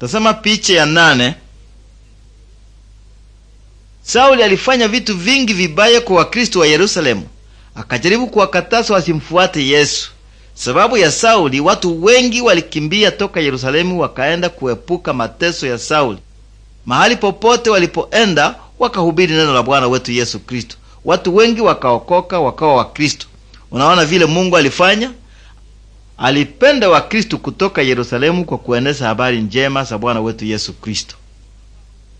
Tasema picha ya nane. Sauli alifanya vitu vingi vibaya kwa Wakristo wa Yerusalemu, akajaribu kuwakataza wasimfuate Yesu. Sababu ya Sauli, watu wengi walikimbia toka Yerusalemu wakaenda kuepuka mateso ya Sauli. Mahali popote walipoenda wakahubiri neno la Bwana wetu Yesu Kristo. Watu wengi wakaokoka wakawa Wakristo. Unaona vile Mungu alifanya? alipenda Wakristu kutoka Yerusalemu kwa kueneza habari njema za Bwana wetu Yesu Kristo.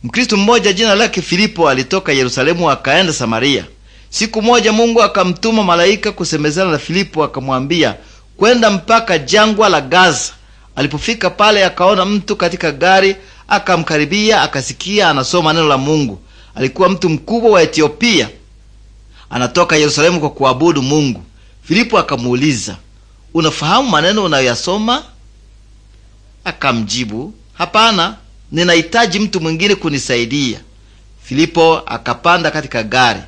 Mkristu mmoja jina lake Filipo alitoka Yerusalemu akaenda Samaria. Siku moja Mungu akamtuma malaika kusemezana na Filipo, akamwambia kwenda mpaka jangwa la Gaza. Alipofika pale, akaona mtu katika gari, akamkaribia, akasikia anasoma neno la Mungu. Alikuwa mtu mkubwa wa Ethiopia, anatoka Yerusalemu kwa kuabudu Mungu. Filipo akamuuliza unafahamu maneno unayoyasoma? Akamjibu, hapana, ninahitaji mtu mwingine kunisaidia. Filipo akapanda katika gari.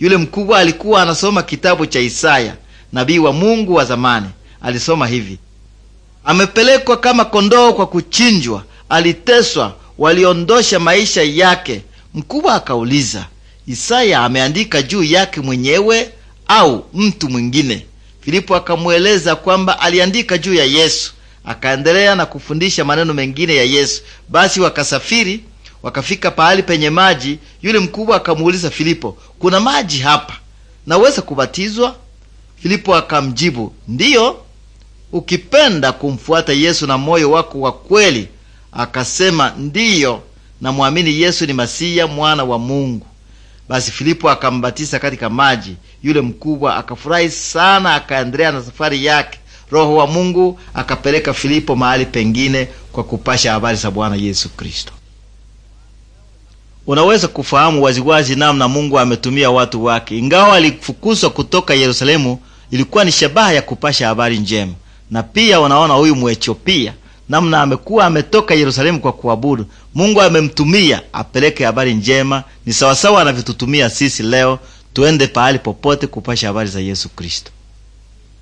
Yule mkubwa alikuwa anasoma kitabu cha Isaya, nabii wa Mungu wa zamani. Alisoma hivi: amepelekwa kama kondoo kwa kuchinjwa, aliteswa, waliondosha maisha yake. Mkubwa akauliza, Isaya ameandika juu yake mwenyewe au mtu mwingine? Filipo akamweleza kwamba aliandika juu ya Yesu. Akaendelea na kufundisha maneno mengine ya Yesu. Basi wakasafiri, wakafika pahali penye maji. Yule mkubwa akamuuliza Filipo, kuna maji hapa, naweza kubatizwa? Filipo akamjibu, ndiyo, ukipenda kumfuata Yesu na moyo wako wa kweli. Akasema, ndiyo, namwamini Yesu ni Masiya, mwana wa Mungu. Basi Filipo akambatisa katika maji. Yule mkubwa akafurahi sana, akaendelea na safari yake. Roho wa Mungu akapeleka Filipo mahali pengine kwa kupasha habari za Bwana Yesu Kristo. Unaweza kufahamu waziwazi namna Mungu ametumia watu wake. Ingawa alifukuzwa kutoka Yerusalemu, ilikuwa ni shabaha ya kupasha habari njema. Na pia wanaona huyu Muethiopia namna amekuwa ametoka Yerusalemu kwa kuabudu. Mungu amemtumia apeleke habari njema ni sawasawa anavyotutumia sisi leo, tuende pahali popote kupasha habari za Yesu Kristo.